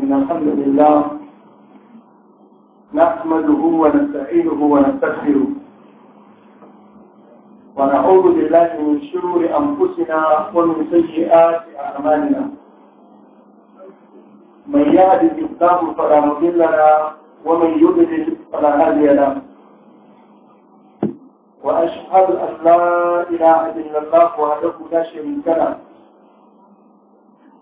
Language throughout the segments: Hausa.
إن الحمد لله نحمده ونستعينه ونستغفره ونعوذ بالله من شرور أنفسنا ومن سيئات أعمالنا من يهد الله فلا مضل له ومن يضلل فلا هادي له وأشهد أن لا إله إلا الله وحده لا شريك له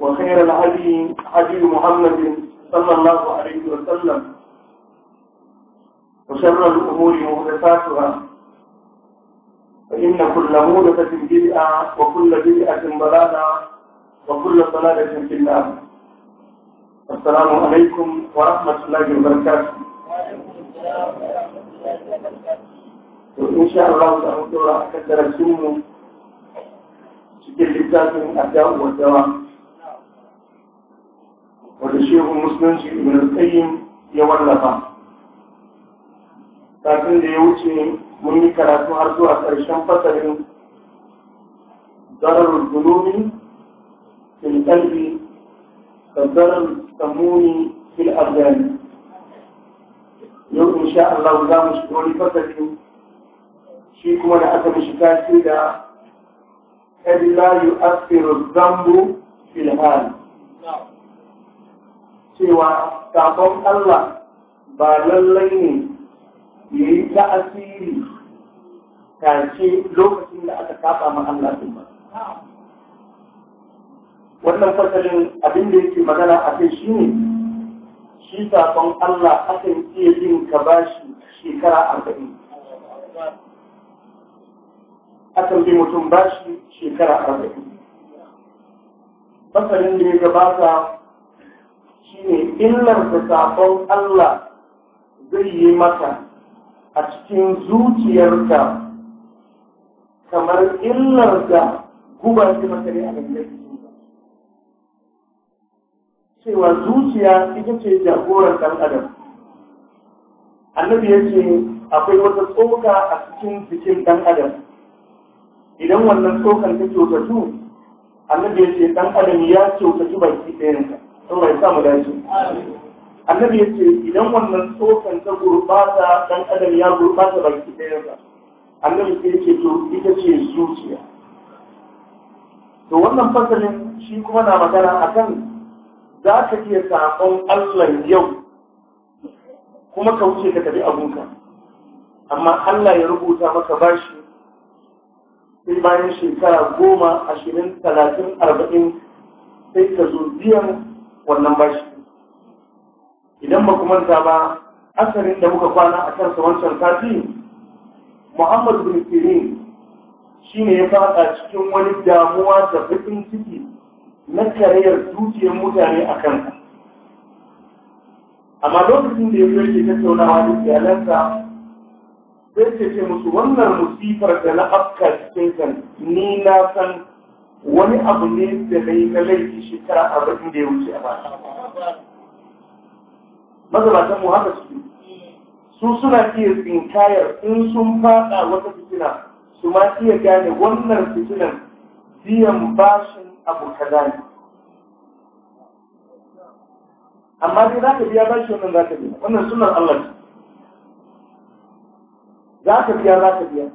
وخير الهدي هدي محمد صلى الله عليه وسلم وشر الأمور محدثاتها فإن كل مهدثة بدعة وكل بدعة ضلالة وكل ضلالة في النار السلام عليكم ورحمة الله وبركاته إن شاء الله تعالى أكثر السنة في الكتاب الأداء والدوام والشيخ المسلم ابن القيم يولف لكن دي وجهي من كراتو ارجو اكرشن فترين ضرر الظلوم في القلب كضرر السموم في الابدان يوم ان شاء الله ذا مشكور فترين فيكم انا اتى بشكاكي لا يؤثر الذنب في الحال cewa sakon Allah ba lallai ne ya yi ta'asiri kace lokacin da aka kafa ma Allah din ba. Wannan fasalin abin da yake magana a kai shi ne, shi sakon Allah akan iya yin ka bashi shekara arba'in. Akan bi mutum bashi shekara arba'in. Fasalin da ya gabata shine illar da sabon Allah zai yi maka a cikin zuciyarka kamar illar da guba shi mata ne a gangar cewa zuciya ita ce jagoran ɗan adam annabi ya ce akwai wata tsoka a cikin jikin ɗan adam idan wannan tsokan ta kyautatu annabi ya ce ɗan adam ya kyautatu baki ɗayansa Allah ya samu dace annabi yace idan wannan tsokan ta gurbata dan adam ya gurbata baki ɗayansa annabi sai ce to ita ce zuciya to wannan fasalin shi kuma na magana akan za ka iya saƙon Allah yau kuma ka wuce ka tafi abunka amma Allah ya rubuta maka bashi sai bayan shekara goma ashirin talatin arba'in sai ka zo biyan wannan bashi idan ba kuma manta ba asarin da muka kwana a kansa wancan sati Muhammadu bin sirin shi ne ya fada cikin wani damuwa da bakin ciki na karayar zuciyar mutane a kan amma lokacin da ya zo yake tattaunawa da iyalansa sai ce ce musu wannan musifar da na afka cikin kan ni na san wani abu ne da bai na laifi shekara arba'in da ya wuce a baya mazabatan mu haka suke su suna iya tsinkayar in sun fada wata fitina su ma iya gane wannan fitinan biyan bashin abu kaza ne amma dai za ka biya bashi wannan za ka biya wannan sunan Allah ne za ka biya za ka biya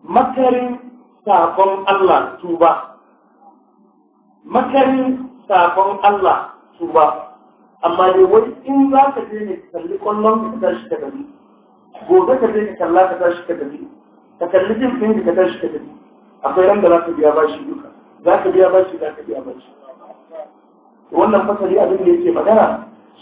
makarin sakon Allah tuba makarin sakon Allah su ba amma dai wani in za ka je ne kalli kwallon ka shi ka gani gobe ka je ka kalla ka shi ka gani ka kalli jin fin ka shi ka gani akwai ran da za ka biya bashi duka za ka biya bashi za ka biya bashi wannan fasari abin da yake magana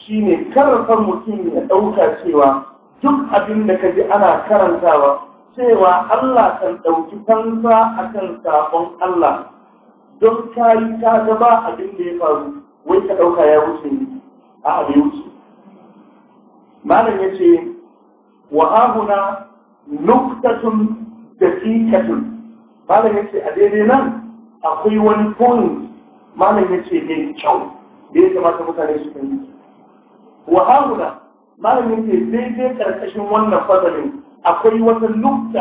shine karfan mutum ya ɗauka cewa duk abin da ka ji ana karantawa cewa Allah kan ɗauki fansa kan sabon Allah don ta yi ta gaba abin da ya faru wai ka ɗauka ya wuce ne a abin wuce malam ya ce wa ahuna nuktatun daqiqatun malam ya ce a daidai nan akwai wani point malam ya ce mai kyau da ya kamata mutane su yi. wa ahuna malam ya ce daidai ƙarƙashin wannan fasalin akwai wata nukta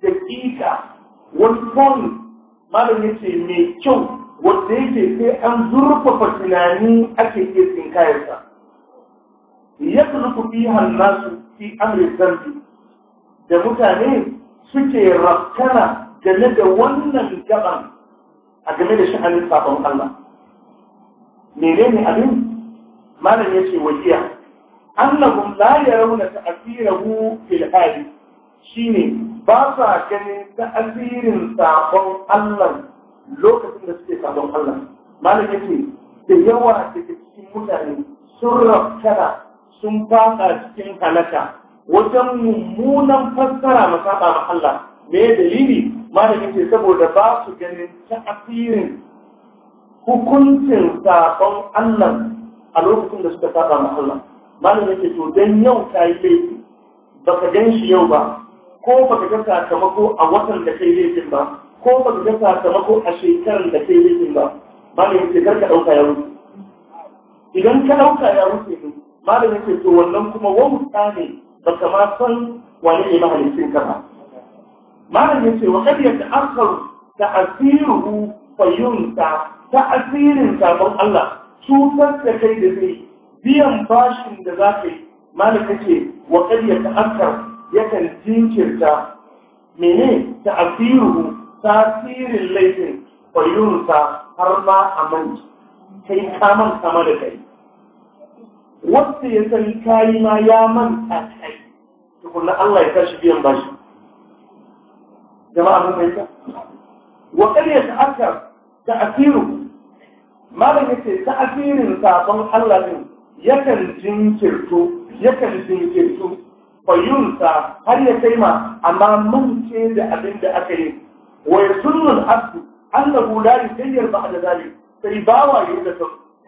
da daqiqa wani point malam yace mai kyau wanda yake sai an zurfafa tunani ake iya sin kayansa ya zurfa fi amri zambi da mutane suke rafkana game da wannan gaban a game da sha'anin sabon Allah ne, abin malam yace wajiya annahum la yarawna ta'thirahu fil hali shine ba sa ganin ta'asirin sabon Allah lokacin da suke sabon Allah malam yake da yawa daga cikin mutane sun rafkara sun fasa cikin halaka wajen mummunan fassara saba ma Allah me dalili malam yake saboda ba su ganin ta'asirin hukuncin sabon Allah a lokacin da suka saba ma Allah malam yake to dan yau yi laifi baka gan shi yau ba ko ba ka ga sakamako a watan da kai laifin ba ko ba ka ga sakamako a shekarar da kai laifin ba malamin ce karka ɗauka ya wuce idan ka ɗauka ya wuce ne malamin ce to wannan kuma wauta ne ba ka ma san wani ne mahalicin ka ba malamin ce wa kad ya ta'akkaru ta'asiruhu ta asirin sabon Allah cutar da kai da zai biyan bashin da za ka yi malam ce wa kad ya ta'akkaru yakan tinkirta mene ta asiru tasirin laifin bayyunsa har ma a manci kai ka manta ma da kai wasu ya san kayi ma ya manta kai tukunna Allah ya tashi biyan bashi jama'a mun fahimta wa kar ya ta'akkar ta asiru malam yace ta asirin sabon Allah din yakan jinkirto yakan jinkirto fayunsa har ya kai ma amma ce da abin da aka yi wa ya da abdu annahu la yusayyir da zalik sai bawa ya da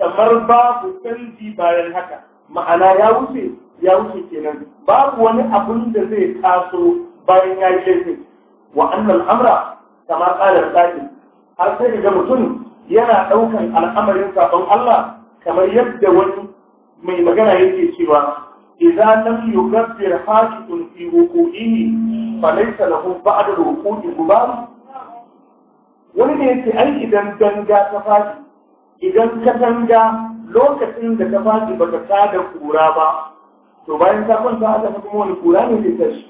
kamar babu canji bayan haka ma'ana ya wuce ya wuce kenan babu wani abin da zai taso bayan ya yi laifin wa annal amra kama qala sa'id har sai da mutum yana ɗaukar al'amarin sabon Allah kamar yadda wani mai magana yake cewa إذا لم يكبر حاكم na وقوعه فليس له بعد الوقوع غبار wani da yake ai idan ganga ta faɗi idan ka ganga lokacin da ta faɗi baka ta da kura ba to bayan ta kwanta aka ta kuma wani kura ne zai tashi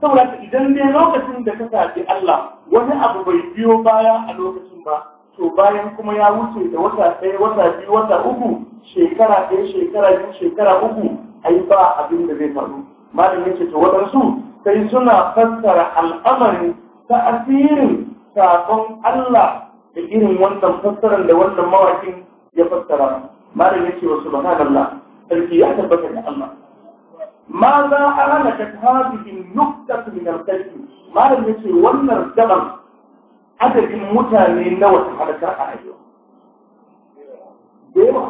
saboda idan dai lokacin da ka tafi Allah wani abu bai biyo baya a lokacin ba to bayan kuma ya wuce da wata ɗaya wata biyu wata uku shekara ɗaya shekara biyu shekara uku ai ba abin da zai faru malam yace to waɗansu sai suna fassara al'amarin ta asirin sakon Allah da irin wannan fassaran da wannan mawakin ya fassara malam yace wa subhanallah sarki ya tabbata da Allah ma za a halaka ta hadihin nukta min al-kalbi malam yace wannan gaban adadin mutane nawa su halakar a arewa da yawa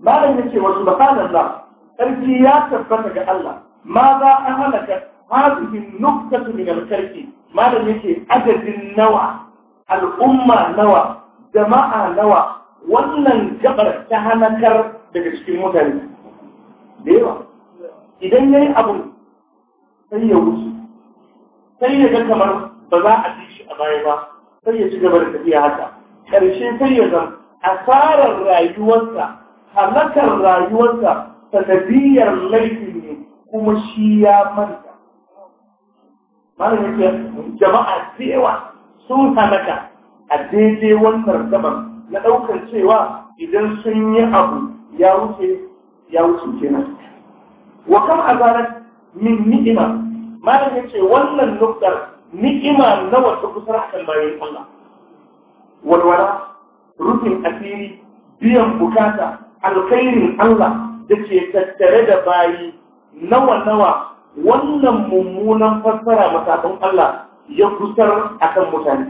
malam ya ce wa subhanallah sarki ya tabbata ga Allah ma za a halaka hadhihi nuqtatu min al-karki malam yake adadin nawa al'umma nawa jama'a nawa wannan gabar ta halakar daga cikin mutane da yawa idan yi abu sai ya wuce sai ya ga kamar ba za a ci shi a baya ba sai ya ci gaba da tafiya haka ƙarshe sai ya zan asarar rayuwarsa halakar rayuwarsa sanadiyar laifi ne kuma shi ya manta malamin yake jama'a cewa sun halaka a daidai wannan gaban na ɗaukar cewa idan sun yi abu ya wuce ya wuce kenan wa kam azarat min ni'ima malamin yake wannan nuktar ni'ima nawa ta kusa kan bayan Allah walwala rufin asiri biyan bukata alkhairin Allah da ke tattare da bayi nawa nawa wannan mummunan fassara matakan Allah ya kusar akan mutane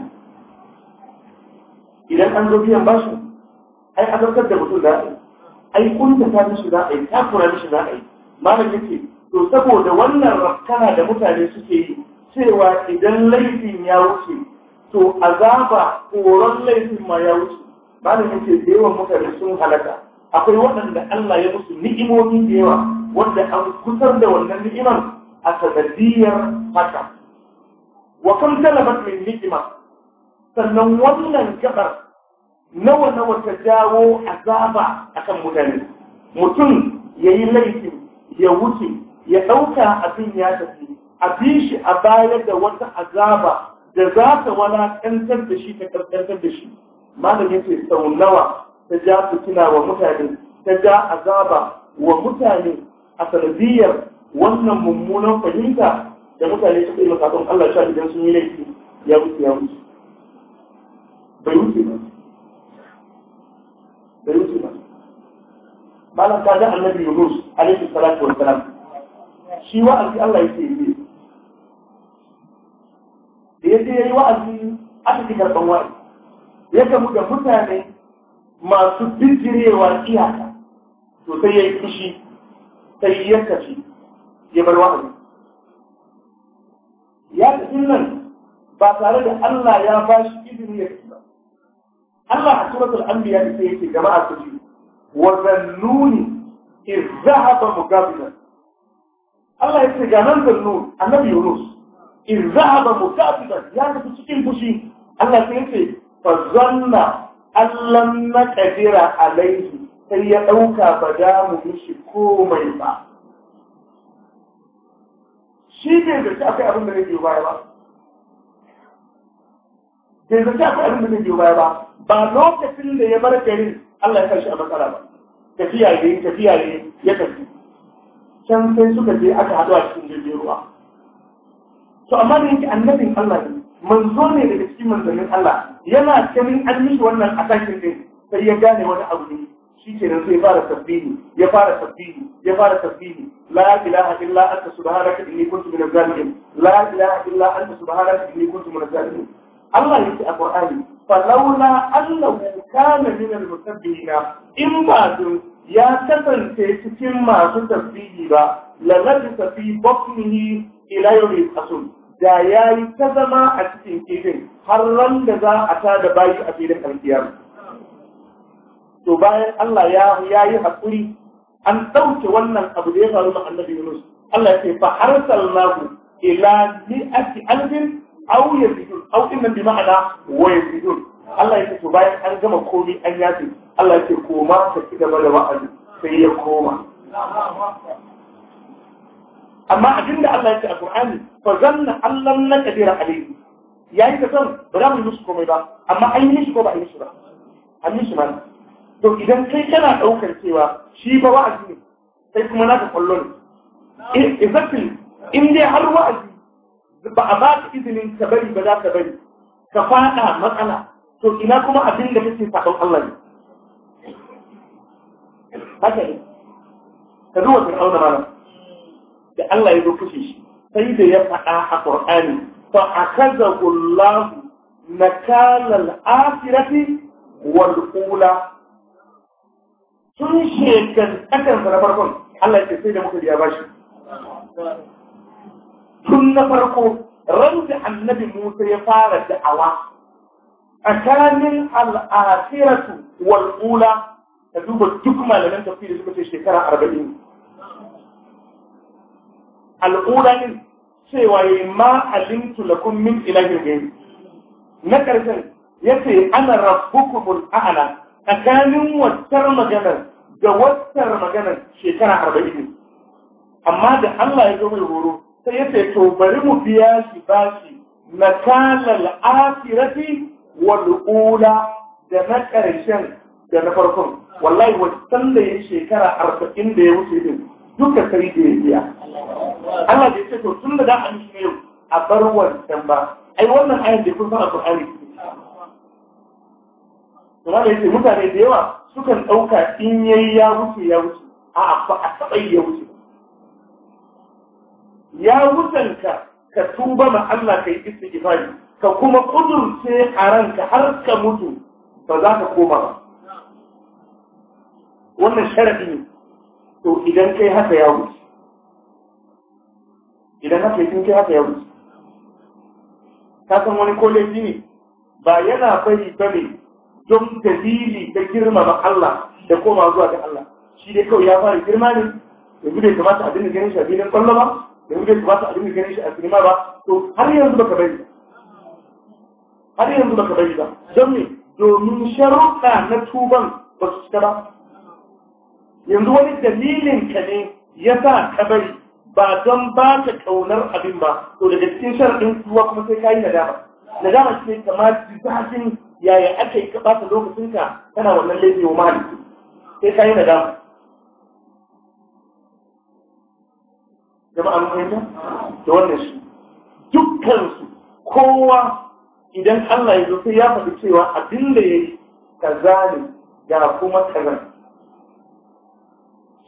idan an zo biyan su ai a azabtar da mutum za a yi ai kunta ta mishi za a yi kura mishi za a yi malam yake to saboda wannan rafkana da mutane suke yi cewa idan laifin ya wuce to azaba koron laifin ma ya wuce ba da nake da yawan mutane sun halaka akwai waɗanda Allah ya musu ni'imomi da yawa wanda an kusar da wannan ni'imar a sanadiyar haka wa kam talabat min ni'ima sannan wannan gabar nawa nawa ta jawo azaba akan mutane mutum yayi laifin ya wuce ya ɗauka abin ya tafi a bi shi a bayar da wata azaba da za ta walakantar da shi ta karkantar da shi malam yace sau nawa ta ja fitina wa mutane ta ja azaba wa mutane a sanadiyar wannan mummunan fahimta da mutane suka yi makakon Allah sha idan sun yi laifi ya wuce ya wuce bai wuce ba bai wuce ba malam ta ga annabi Yunus alaihi salatu wa salam shi wa'azi Allah yake yi ya ya yi wa'azi aka ci karɓar wa'azi ya gamu da mutane masu bijirewa iyaka to sai ya yi fushi sai ya tafi ya bar wa'azi ya tafi nan ba tare da Allah ya ba shi izini ya tafi ba Allah a suratul anbiya da sai yake jama'a su ji wa zannuni iz mu mugabilan Allah ya ce ga nan zannun annabi Yunus in zahaba mutafidan ya tafi cikin fushi Allah sai ce fa zanna allan kadira alaihi sai ya dauka ba da mu mishi komai ba shi bai zaci akai abin da yake baya ba bai zaci akwai abin da yake baya ba ba lokacin da ya bar garin Allah ya kashi a matsala ba tafiya ne tafiya ne ya tafi can sai suka je aka haɗu a cikin jirgin ruwa to amma da yake annabin Allah ne manzo ne daga cikin manzannin Allah yana ganin an mishi wannan atakin din sai ya gane wani abu ne shi ke nan sai fara tasbihi ya fara tasbihi ya fara tasbihi la ilaha illa anta subhanaka inni kuntu min zalimin la ilaha illa anta subhanaka inni kuntu min zalimin Allah yake a Qur'ani falaula annahu kana min al-musabbihin in ba dun ya kasance cikin masu tasbihi ba la labisa fi batnihi ila yawm al da ya yi ta zama a cikin kifin har ran da za a ta da bayi a filin alkiyar. To bayan Allah ya yi haƙuri an ɗauke wannan abu da ya faru na annabi Yunus. Allah ya ce fa harsal nahu ila mi'ati alfin aw yazidun aw innan bi ma'ana wa yazidun. Allah ya ce to bayan an gama komai an yafe Allah ya ce koma ka ci gaba da wa'azi sai ya koma. amma abin da Allah ya ce a Qur'ani fa zanna Allah na kadira alayhi yayi da san ba za mu musu komai ba amma an yi mishi ko ba a yi ba an ba to idan kai kana daukar cewa shi ba wa'azi ne sai kuma naka kwallo ne exactly in dai har wa'azi ba a ba ka izinin ka bari ba za ka bari ka fada matsala to ina kuma abin da kake sakon Allah ne haka ne ka zuwa fir'auna malam da Allah ya zo kashe shi sai da ya faɗa a Qur'ani fa akazahu Allah nakala al-akhirati wal ula sun shekan akan na farkon Allah ya ce sai da muka biya bashi tun na farko ran da annabi Musa ya fara da'awa tsakanin al'asiratu wal ula ka duba duk malaman tafsiri suka ce shekara arba'in al'ula din cewa ya ma alimtu lakum min ilahin gairi na ƙarshen ya ce ana rabbukumul a'ala tsakanin wattar maganar da wattar maganar shekara arba'in amma da Allah ya zo mai horo sai ya ce to bari mu biya shi bashi na kalal afirati wal da na ƙarshen da na farkon wallahi wancan da ya shekara arba'in da ya wuce din duka sai da ya biya Allah da ce to tun da za a mishi yau a bar wancan ba ai wannan ayar da kun san alƙur'ani to da yake mutane da yawa sukan ɗauka in yayi ya wuce ya wuce a ba a taɓa yi ya wuce ya wucen ka ka tuba ma Allah isa istighfari ka kuma kudurce a ranka har ka mutu ba za ka koma ba wannan sharadi ne to idan kai haka ya wuce idan haka kin kai haka ya wuce ka san wani koleji ne ba yana bari bane don dalili da girmama Allah da koma zuwa ga Allah shi dai kawai ya fara girma ne yanzu ta kamata abin da ganin shi a filin kwallo ba yanzu ta kamata abin da ganin shi a sinima ba to har yanzu baka bari har yanzu baka bari ba don me domin sharuɗa na tuban ba su cika ba yanzu wani dalilin ka ne ya sa ka bari ba don ba ka kaunar abin ba to daga cikin sharaɗin kuwa kuma sai ka yi nadama nadama ne kamar jizajin yaya aka yi ka ɓata lokacinka kana wannan laifin wa mahalli sai ka yi nadama jama'a mun ta da wannan shi dukkansu kowa idan Allah ya zo sai ya faɗi cewa abin da ya yi kaza ne ga kuma kaza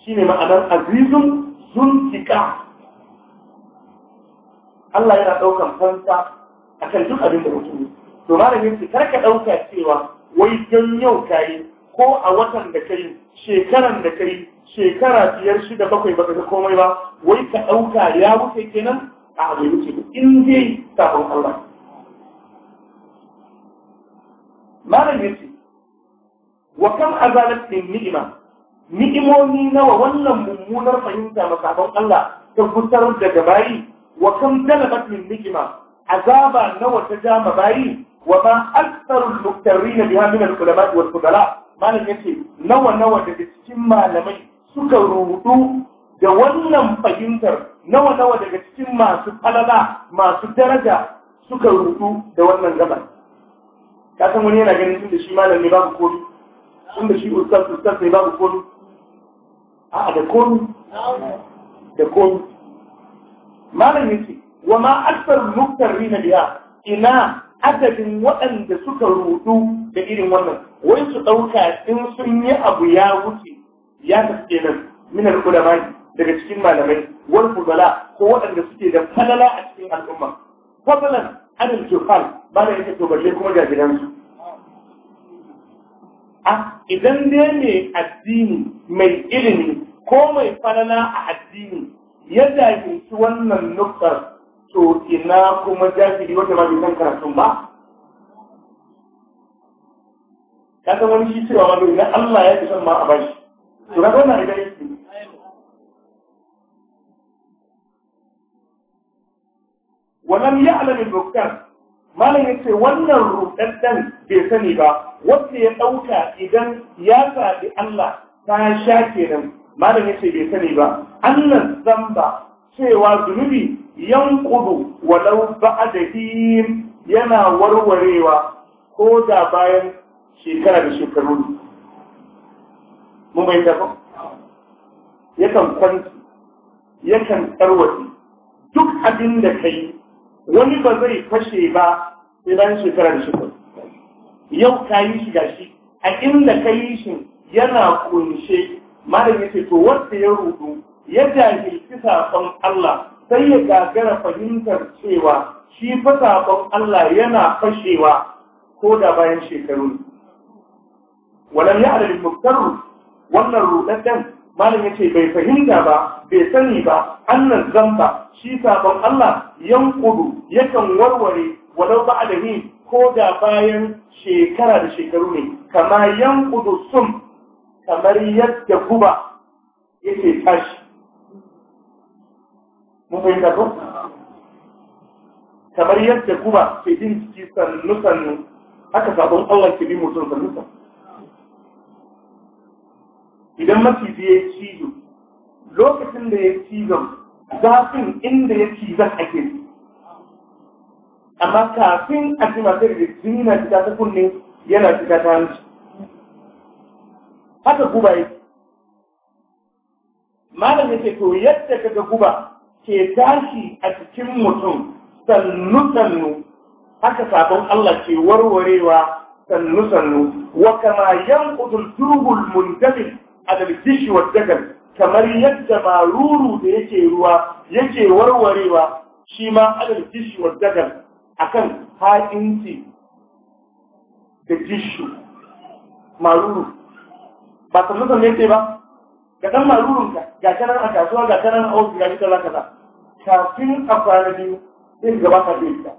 ne ma'anar azizun zuntika Allah yana ɗaukan fanta a kan duk abin da mutum yi. To malamin kar karka ɗauka cewa wai don yau ka yi ko a watan da ka yi shekaran da ka yi shekara biyar shida bakwai baka ga komai ba wai ka ɗauka ya wuce kenan a abu wuce in dai sabon Allah. Malamin su wa kam azalat min ni'ima ni'imomi nawa wannan mummunar fahimta masabon Allah ta fitar daga bayi wa kan dala min nikima azaba nawa ta ja bayi wa ba aktharu al na biya min al-ulama wal malam yace nawa nawa daga cikin malamai suka rudu da wannan fahimtar nawa nawa daga cikin masu falala masu daraja suka rudu da wannan gaba ka san wani yana ganin tun da shi malami babu kodu tun da shi ustaz ustaz ne babu kodu A'a da komi da komi malam yake wa ma akthar muktarrina biya ina adadin waɗanda suka rudu da irin wannan wai su ɗauka in sun yi abu ya wuce ya tafi nan min al-ulama daga cikin malamai wal fudala ko waɗanda suke da falala a cikin al'umma fadalan adal jufal ba da yake to balle kuma jajiransu. su a idan dai ne addini mai ilimi ko mai falala a addini ya jahilci wannan nufar, to ina kuma jahili wata ba bai san karatun ba ka san wani shi cewa ma na Allah ya fi san ma a bashi to ka wannan idan yake ya alamin المكتب malam ya ce wannan rudaddan bai sani ba wanda ya ɗauka idan ya sabi Allah ta sha kenan malam yace bai sani ba annan zamba cewa zunubi yanqudu walau ba'dahi yana warwarewa ko da bayan shekara da shekaru mun bai tafi yakan kwanci yakan tsarwace duk abin da ka yi wani ba zai fashe ba sai bayan shekara da shekaru yau ka yi shi gashi a inda ka yi shi yana kunshe malami ce to wanda ya rudu ya jahilci sakon Allah sai ya gagara fahimtar cewa shi fa sakon Allah yana fashewa ko da bayan shekaru walam ya adadin muktaru wannan rudaddan malam ya ce bai fahimta ba bai sani ba annan zamba shi sakon Allah yankudu yakan warware walau ba ko da bayan shekara da shekaru ne kama yankudu sun kamar yadda guba yake tashi mun fahimta ko kamar yadda guba ke jin ciki sannu sannu haka sabon Allah ke bi mutum sannu sannu idan mafi biye cizo lokacin da ya cizo zafin inda ya cizon ake yi amma kafin a jima da jini na shiga ta kunne yana shiga ta hanci haka guba yake malam yake to yadda kaga guba ke tashi a cikin mutum sannu sannu haka sabon Allah ke warwarewa sannu sannu wa kama yanqudul turbul muntabil a dishi wa dagal kamar yadda maruru da yake ruwa yake warwarewa shi ma adal dishi wa dagal akan hainci da maruru ba sannu ne ce ba ga dan marurun ka ga kanan a kasuwa ga kanan a ofis ga ita za kaza kafin a fara biyu sai gaba ka zai ta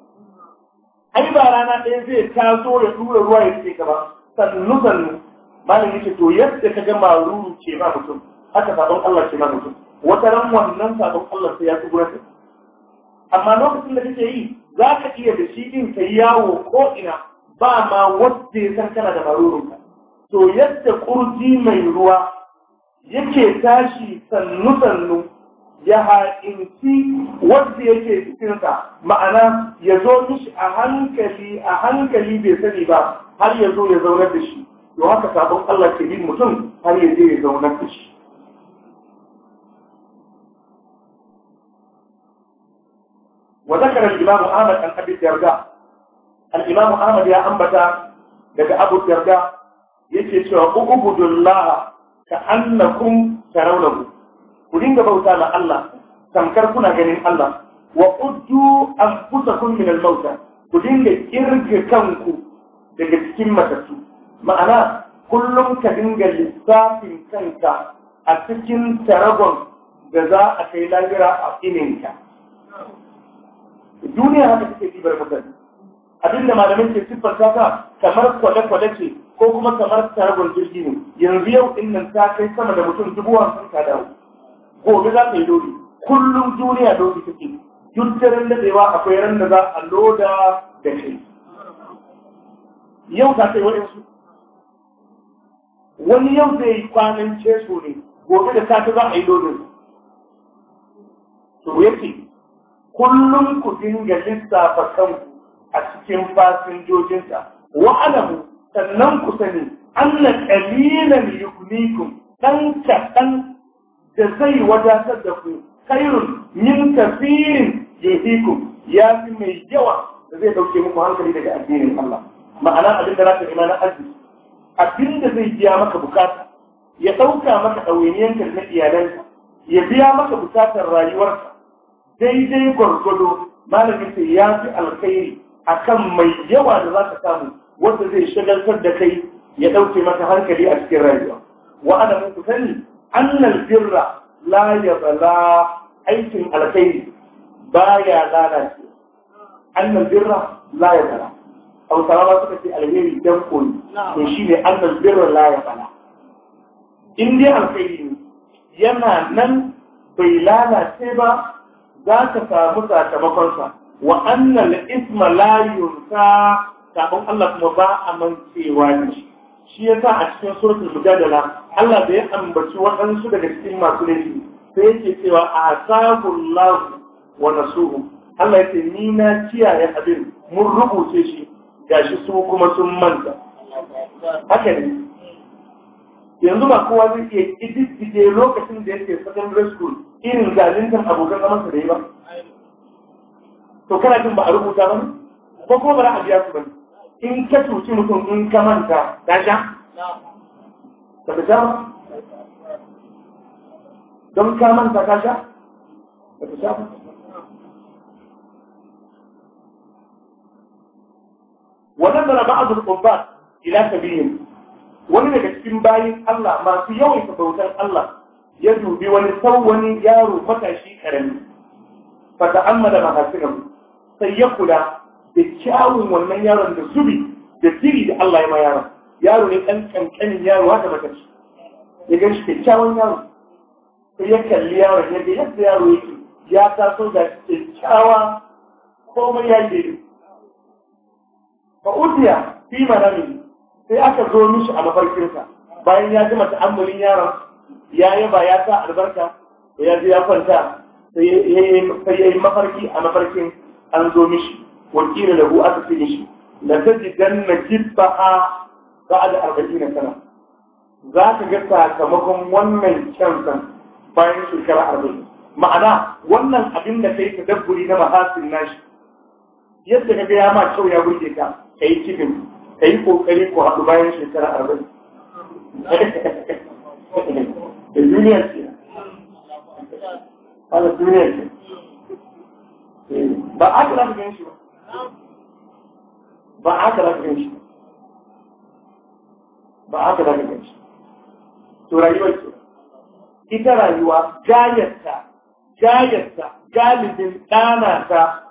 ai ba rana ɗaya zai taso da tura ruwa ya ce gaba sannu sannu malam yake to yadda ka ga maruru ce ba mutum haka sabon Allah ce ma mutum wata ran wannan sabon Allah sai ya tsugura ta. amma lokacin da kake yi za ka iya da shi din ka yawo ko ina ba ma wanda ya san kana da marurun to yadda ƙurji mai ruwa yake tashi sannu-sannu ya ha'inci wanda yake cikinsa ma'ana ya zo mishi a hankali a hankali bai sani ba har ya zo ya zaunar da shi to haka sabon Allah ke bi mutum har ya je ya zaunar da shi وذكر الإمام أحمد عن أبي الدرداء الإمام أحمد يا أنبتا لك أبو الدرداء yake cewa ubudullah ka annakum tarawlahu ku dinga bauta ma Allah tamkar kuna ganin Allah wa uddu anfusakum min al-mauta ku dinga kirga kanku daga cikin matattu ma'ana kullum ka dinga lissafin kanka a cikin taragon da za a kai lahira a ininka duniya haka take ɗibar mutane abinda malamai ke siffar ta kamar kwale-kwale ce ko kuma kamar taragon jirgi ne yanzu yau in nan ta kai sama da mutum dubu hamsin ka dawo gobe za ta yi lodi kullum duniya lodi take duk daren daɗewa akwai ran da za a loda da kai yau ta kai waɗansu wani yau zai yi kwanan ceso ne gobe da safe za a yi lodin to yake kullum ku dinga lissafa kanku a cikin fasinjojinsa wa'alamu sannan ku sani Allah ƙalilan yuknikum ɗan kaɗan da zai wadatar da ku khairun min kafirin yahikum ya fi mai yawa da zai dauke muku hankali daga addinin Allah ma'ana abin da za ka imanin arziki abin da zai biya maka bukata ya ɗauka maka ɗawainiyanka na iyalanka ya biya maka bukatar rayuwarka daidai gwargwado malamin sai ya fi alkhairi akan mai yawa da za ka samu wanda zai shagaltar da kai ya ɗauke maka hankali a cikin rayuwa wa ana muku sani annal birra la ya yabla aikin alkhairi baya lalace annal birra la ya yabla hausawa ba suka ce alheri dan koyi to ne annal birra la yabla in dai alkhairi ne yana nan bai lalace ba za ka samu sakamakonsa wa annal isma la yunsa sabon Allah kuma ba a mancewa ne shi shi sa a cikin suratul mujadala Allah bai ambaci waɗansu daga cikin masu laifi sai yake cewa asabullahu wa nasuhu Allah ya ce ni na kiyaye abin mun rubuce shi gashi su kuma sun manta haka ne yanzu ba kowa zai iya kididdige lokacin da yake secondary school irin zalintan abokan zamansa da yi ba to kana jin ba a rubuta ba ne ko kuma ba za a biya su ba ne in ka cuci mutum in ka manta ta sha? Ka fi sha Don ka manta ta sha? Ka fi sha wannan Wannan ba azur ƙubbat ila sabiyin wani daga cikin bayin Allah masu yawan bautar Allah ya dubi wani sau wani yaro matashi karami fata an mada mahasinan sai ya kula da kyawun wannan yaron da zubi da siri da Allah ya ma yaron yaro ne ɗan ƙanƙanin yaro haka baka ci ya gan shi kyakkyawan yaro sai ya kalli yaron ga yadda yaro yake ya taso da kyakkyawa komai ya yi fa fi fi manami sai aka zo mishi a mafarkinsa bayan ya ji ta'ammulin yaron ya yaba ya sa albarka ya ji ya kwanta sai ya yi mafarki a mafarkin an zo mishi wakila lahu aka ce da shi la tajidanna jibbaha ba'da 40 sana za ka ga sakamakon wannan kyansan bayan shekara 40 ma'ana wannan abin da kai tadabburi na mahasin nashi yadda ka ga ma kyau ya burge ka kai haɗu bayan shekara da duniya ba a kira da ganshi ba ba haka za ka gan shi ba haka ka shi to rayuwar ke ita rayuwa jayarta jayarta galibin ɗana ta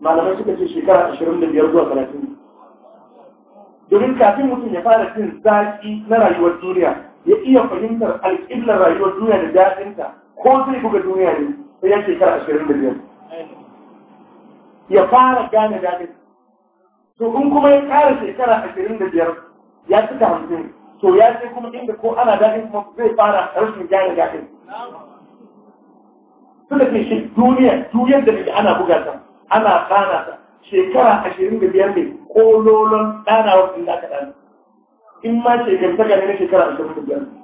malamai suka ce shekara ashirin da biyar zuwa talatin domin kafin mutum ya fara jin zaƙi na rayuwar duniya ya iya fahimtar alƙiblar rayuwar duniya da daɗinta ko zai buga duniya ne sai ya shekara ashirin da biyar ya fara gane daɗin to in kuma ya kara shekara ashirin da biyar ya cika hamsin to ya ce kuma inda ko ana daɗin kuma zai fara rashin gane Su da ce shi duniya duniyar da nake ana buga ta ana tsana ta shekara ashirin da biyar ne ko lolon ɗanawar ɗin da aka ɗana in ma shekaru ta gane na shekara ashirin da biyar ne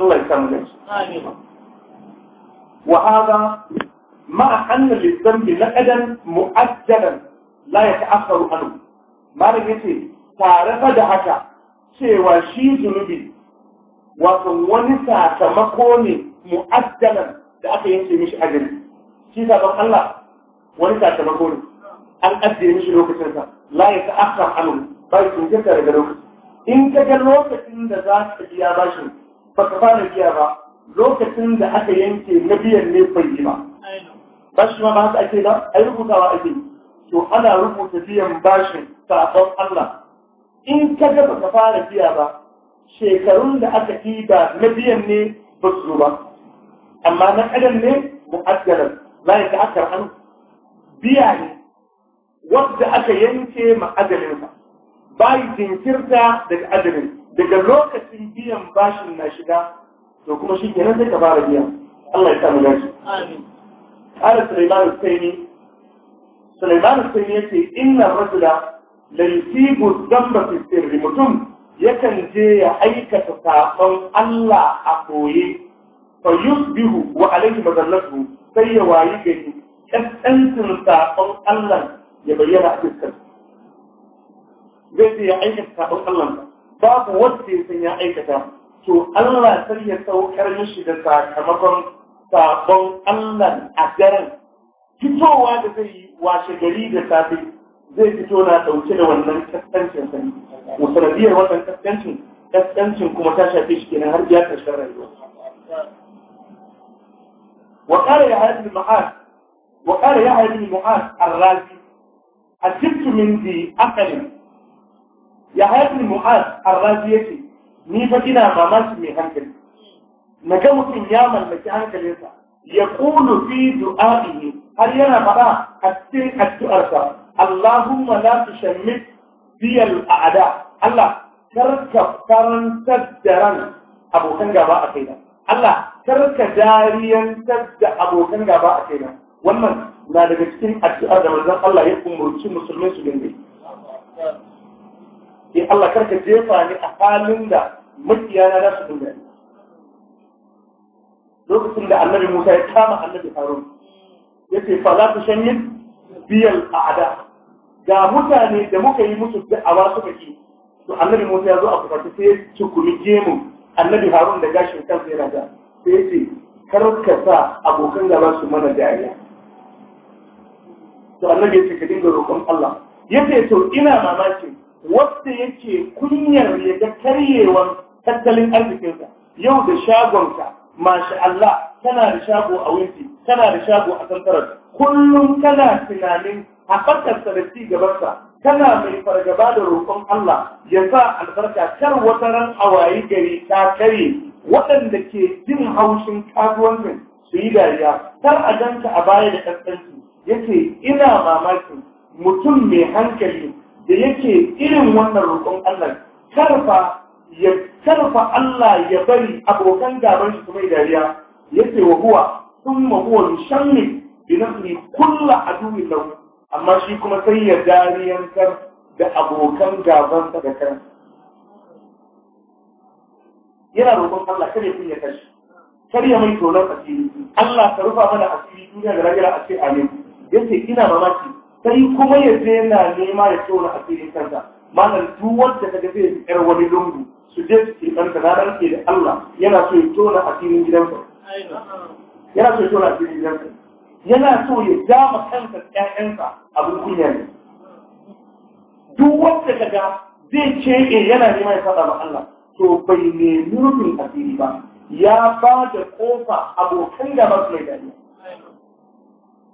Allah ya samu gaci wa hada ma anna lidambi laqadan mu'ajjalan la yata'akkaru anhu malam yace tare fa da haka cewa shi zunubi wato wani sakamako ne mu'ajjalan da aka yanke mishi ajali shi sabon Allah wani sakamako ne an ajiye mishi lokacinsa la ya ta'akkar anhu ba shi jinkirta daga lokaci in ka ga lokacin da za ka biya bashin ba ka biya ba lokacin da aka yanke na biyan ne bai yi ba bashi ma ba haka ake ba a yi rubutawa ake to ana rubuta biyan bashin sakon Allah in ka ga ba ka fara biya ba shekarun da aka ba na biyan ne ba su zo ba amma na ƙadan ne mu'addalan la ya ta'akkar an biya ne wadda aka yanke ma'adalinsa bai jinkirta daga adalin daga lokacin biyan bashin na shiga to kuma shi kenan zai ka fara biya Allah ya samu gashi ala sulaiman husaini sulaiman husaini yace inna rajula la yusibu dhanba fi sirri mutum yakan je ya aikata sakon Allah a koyi fa yusbihu wa alayhi madallatu sai ya wayi gari kaskancin sakon Allah ya bayyana a fuskar zai ce ya aikata sakon Allah babu wanda ya san ya aikata to Allah sai ya saukar mishi da sakamakon sabon Allah a daren fitowa da zai yi washe gari da safe zai fito na dauke da wannan kaskancin sani musanadiyar wannan kaskancin kaskancin kuma ta shafe shi kenan har ya karshen rayuwa وقال يا هذه المعاد وقال يا هذه المعاد الرازي أجبت من ذي أقل ya haifin mu'az arrazi yake ni fa ina mamaki mai hankali na ga mutum ya mallaki hankalinsa ya kulu fi du'a'ihi har yana faɗa a cikin addu'arsa Allahumma la tushammit fiyal a'ada Allah karka karantar da ran abokan gaba a kaina Allah karka dariyantar da abokan gaba a kaina wannan na daga cikin addu'ar da manzon Allah ya umurci musulmai su dinga ya Allah karka jefa ni a halin da makiyana za su dinga lokacin da annabi Musa ya kama annabi Harun ya ce fa za ku shanye biyal a'da ga mutane da muka yi musu da'awa suka ki to annabi Musa ya zo a kufarta sai ya cikuri gemu annabi Harun da gashin kansa yana da sai ya ce karka sa abokan gaba su mana dariya to annabi ya ce ka dinga roƙon Allah ya ce to ina mamakin wadda yake kunyar ya ga karyewar tattalin arzikinsa yau da shagonka masha Allah tana da shago a winti tana da shago a santarar kullum kana tunanin haɓakarsa da ci gabansa tana mai fargaba da roƙon Allah ya sa albarka kar wata ran hawaye gari ta kare waɗanda ke jin haushin kasuwancin su yi dariya kar a ganka a baya da ƙasƙanci yace ina mamakin mutum mai hankali da yake irin wannan roƙon Allah karfa ya karfa Allah ya bari abokan gaban shi kuma dariya yake wa huwa thumma huwa shanni bi nafsi kullu aduwwi lahu amma shi kuma sai ya dariyantar da abokan gaban sa da kan yana roƙon Allah kare kun ya kashi kar ya mai tonon asiri Allah ka rufa mana asiri duniya da rajira a ce amin yace ina mamaki sai kuma ya je yana nema ya tsora a cikin kanta malam duk wanda kaga zai yar wani lungu su je su ci kanka na ke da Allah yana so ya tsora a cikin gidansa yana so ya tsora a cikin gidansa yana so ya dama kansa ƴaƴansa abin kunya ne duk wanda kaga zai ce yana nema ya faɗa ma Allah to bai nemi rufin asiri ba ya ba da kofa abokan gaba su mai dariya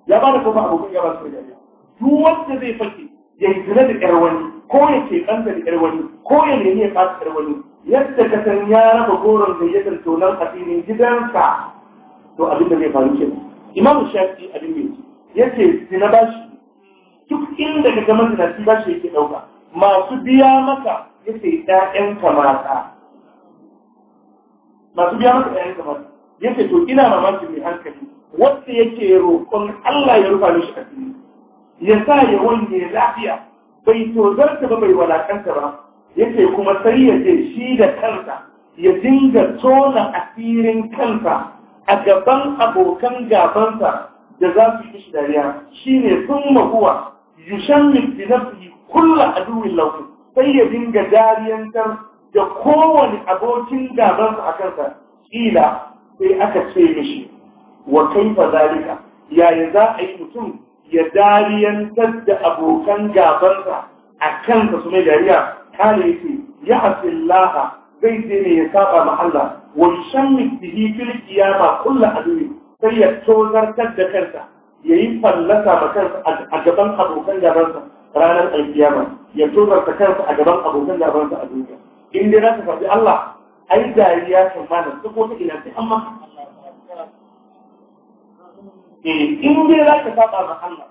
ya ba da kofa abokan gaba su mai dariya duk wanda zai fake ya yi zina da ƴar wani ko ya ke ɗanta da ƴar wani ko ya nemi ya kasa ƴar wani yadda ka san ya raba goron gayyatar a asirin gidansa to abin da zai faru kenan imam shafi abin da ce zina ba shi duk inda ka gama ba shi yake ɗauka masu biya maka yace ɗayanka mata masu biya maka ɗayanka mata ce to ina mamakin mai hankali wanda yake roƙon Allah ya rufa mishi asiri ya sa ya ya lafiya bai tozarta ba mai walakanta ba Ya ce kuma sai ya je shi da kansa ya dinga tona asirin kansa a gaban abokan gabansa da za su yi dariya shi ne sun mahuwa yushammin bi kulla kulla duwin lafi sai ya dinga dariyantar da kowane abokin gabansa a kansa ila sai aka ce mishi wa kaifa zalika yaya za a yi mutum ya dariyantar da abokan gabansa a kansa su mai dariya kare yake ya asillaha zai ce ne ya saba ma Allah wa shammi bihi fil qiyama kullu adwi sai ya tozartar da kansa yayi fallasa ma kansa a gaban abokan gabansa ranar alkiyama ya tozarta kansa a gaban abokan gabansa a duniya in dai za ka Allah ai dariya kan mana duk ta ina sai an eh in dai za ka saba ma Allah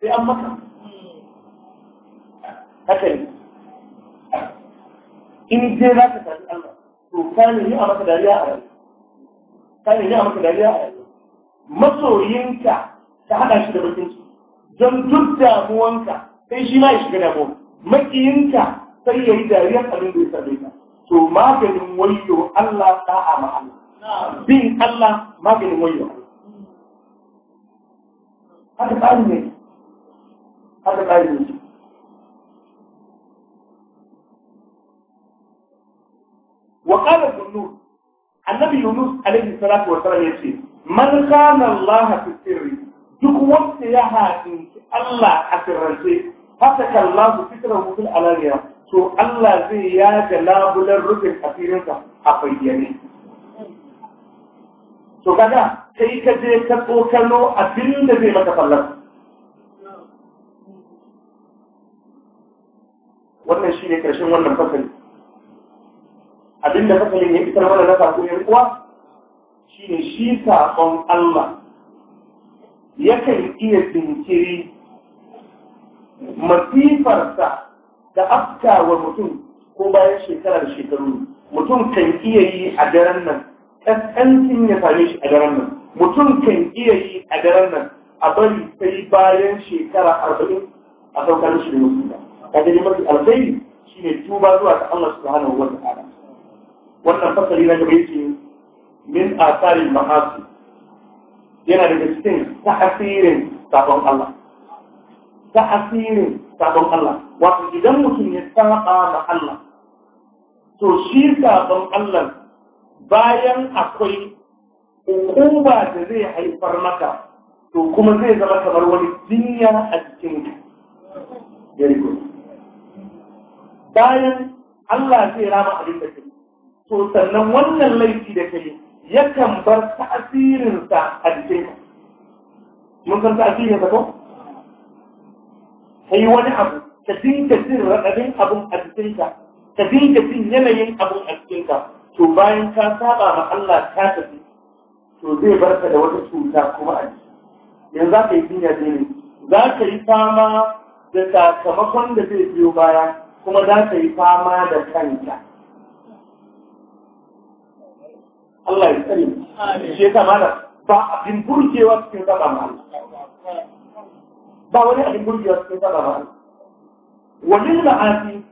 sai an maka haka ne in dai za ka sabi Allah to ka ne a maka dariya a rai ne a maka dariya a masoyinka ta hada shi da bakin don duk damuwanka sai shi ma ya shiga damuwa makiyinka sai ya yi dariyar abin da ya same ka to maganin wayo Allah da'a ma Allah bin Allah maganin wayo Allah haka tsarin ne haka tsarin ne wa qala yunus annabi yunus alaihi salatu wa salam yace man kana allah fi sirri duk wanda ya haɗin allah a sirrance haka kallahu fitrahu fil alaniya to allah zai ya yaga labulan rufin asirinsa a bayyane to kaga kai ka je ka tsokano abin da zai maka fallasa wannan shi ne ƙarshen wannan fasali abin da fasalin ya fitar mana na sako ya kuwa shi ne shi saƙon Allah yakan iya jinkiri masifarsa da afka wa mutum ko bayan shekarar shekaru mutum kan iya yi a daren nan ƙasƙancin ya same shi a daren nan mutum kan iya yi a daren nan a bari sai bayan shekara arba'in a saukar shi da A kaga ne mafi alkhairi shine tuba zuwa ga Allah subhanahu wa ta'ala wannan fasali na gaba yake min asarin ma'asi yana daga cikin ta'asirin sabon Allah ta'asirin sabon Allah wato idan mutum ya saba ma Allah to shi sabon Allah bayan akwai hukuma da zai haifar maka to kuma zai zama kamar wani jinya a jikin yariko bayan Allah zai rama abin da kai to sannan wannan laifi da kai yakan bar tasirinsa a jikinka mun san tasirinsa ko kai wani abu ka dinga jin raɗaɗin abin a cikin ka dinga jin yanayin abin a jikinka to bayan ka saba ma Allah ka tafi to zai barka da wata cuta kuma a jiki yanzu za ka yi jinya ne za ka yi fama da sakamakon da zai biyo baya kuma za ka yi fama da kanka Allah ya tsare mu shi yasa mana ba abin burgewa cikin saba ma ba wani abin burgewa cikin saba ma wa lil ma'asi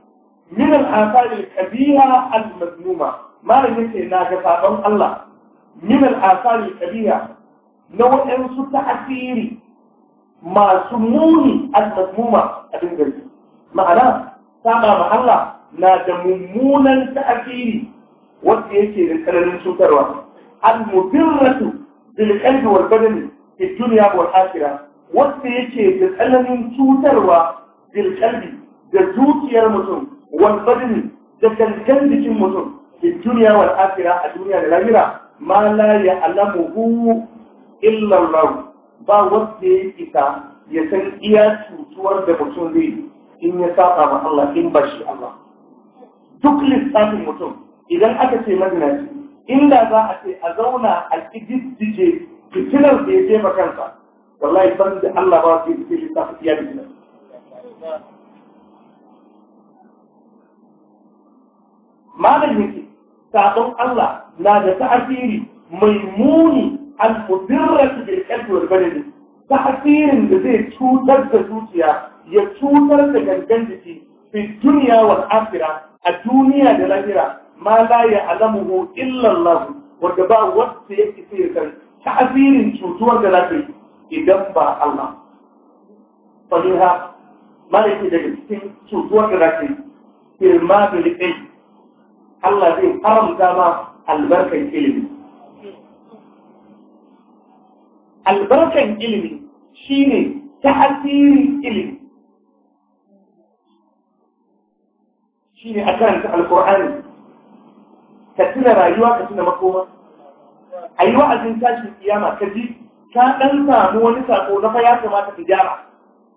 min al-afali al-kabira al-mazmuma malamin na ga sabon Allah min al-asali kabiya na waɗansu ta'asiri masu muni al-mazmuma a dingari ma'ana saba ma Allah na da mummunan ta'asiri wanda yake da tsananin cutarwa al-mudirratu bil qalbi wal badani fi dunya wal akhirah wanda yake da tsananin cutarwa bil da zuciyar mutum wal badani da gangan jikin mutum fi dunya wal a duniya da lahira ma la ya'lamuhu illa Allah ba wanda ya kika ya san iya cutuwar da mutum zai in ya saba ma Allah in ba shi Allah duk lissafin mutum idan aka ce mazinaci inda za a ce a zauna a kididdige fitilar da ya jefa kansa wallahi ban da Allah ba zai fi lissafin iya fitilar malam yake sabon Allah na da ta'asiri mai muni al-mudirratu bil qalbi wal badani ta'asirin da zai cutar da zuciya ya cutar da gangan jiki fi duniya wal akhirah a duniya da lahira ma la ya'lamuhu illa Allah wanda ba wanda yake sai kan ta'asirin cutuwar da lafiya idan ba Allah fadiha malaki daga cikin cutuwar da lafiya firma bil qalbi الله دين قرم جابا البركة الإلمي البركة الإلمي شيني تأثير الإلمي شيني أكان تقل القرآن كتنا رأيوا كتنا مكومة أيوا أزنتاج القيامة كذيب كأنت هو نساء ونفا يا سماة في جارة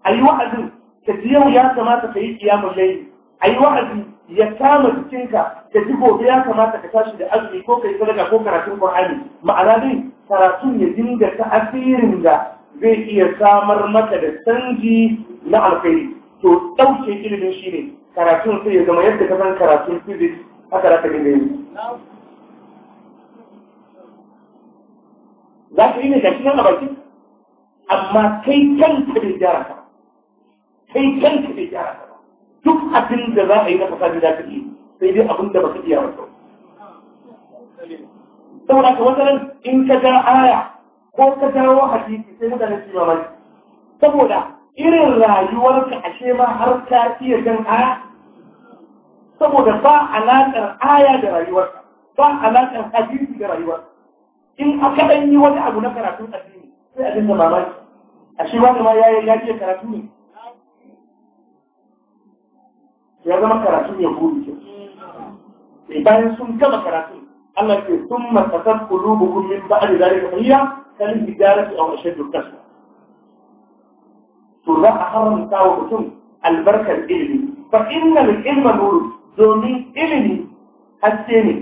أي أيوة، واحد كذيب يا سماة في قيام الليل أي أيوة، واحد ya kama cikinka, ka ji gobe ya kamata ka tashi da azumi ko kai sadaka ko karatun Qur'ani ma'ana dai karatun ya dinga ta asirin da zai iya samar maka da canji na alkhairi to dauke ilimin shi ne karatun sai ya zama yadda ka san karatun physics haka za ka dinga yi za ka yi ne gashi nan a baki amma kai kanka bai gyara ka kai kanka bai gyara ka duk abin da za a yi na fasadi za ka yi sai dai abin da ba su iya wasu saboda ka wasanin in ka ja aya ko ka jawo hadisi sai mutane su mamaki saboda irin rayuwarka ashe ma har ka iya jan aya saboda ba alaƙar aya da rayuwarka ba alaƙar hadisi da rayuwarka in aka ɗan yi wani abu na karatun addini sai a dinga mamaki ashe wani ma ya ce karatu ne ya zama karatun ya buru ke eh, bayan sun gama karatun Allah ke sun masasar kulubukum min ba'di zalika hiya kal hijarati aw ashaddu kasra to za a haramta wa mutum albarkar ilimi fa da ilma nur domin ilimi haske ne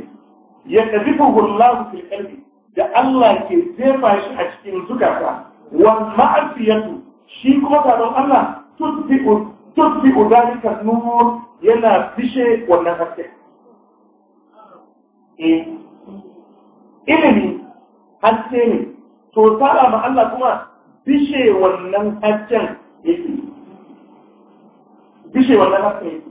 ya kadifuhu Allah fil qalbi da Allah ke jefa shi a cikin zukata Wa ma'asiyatu shi kuma don Allah tutfi'u tutfi'u dalika nur yana fishe wannan haske eh ilimi haske ne to tsara ma Allah kuma fishe wannan hasken yake fishe wannan haske yake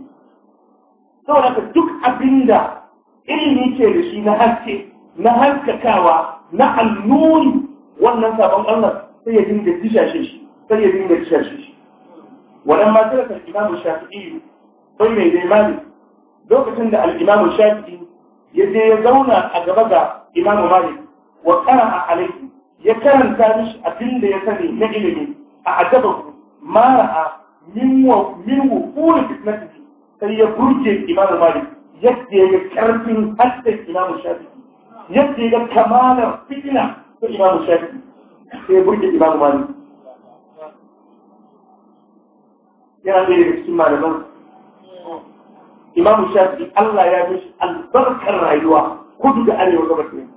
saboda da duk abinda ilimi ke da shi na haske na haskakawa na annuri wannan sabon Allah sai ya dinga dishashe shi sai ya dinga dishashe shi wannan ma sai mu shafi shafi'i ummul imani lokacin da al’imamu shafi shafi'i ya je ya zauna a gaba ga imamu malik wa a alaiki ya karanta mishi abin da ya sani na ilimi a ajabahu Mara a min wa min sai ya burge imamu malik yadda ya karfin hatta imamu shafi yadda ya kamala fitina ta imamu shafi sai ya burge imamu malik yana da cikin malaman imamu shafi Allah ya mishi albarkar rayuwa kudu da arewa gaba ɗaya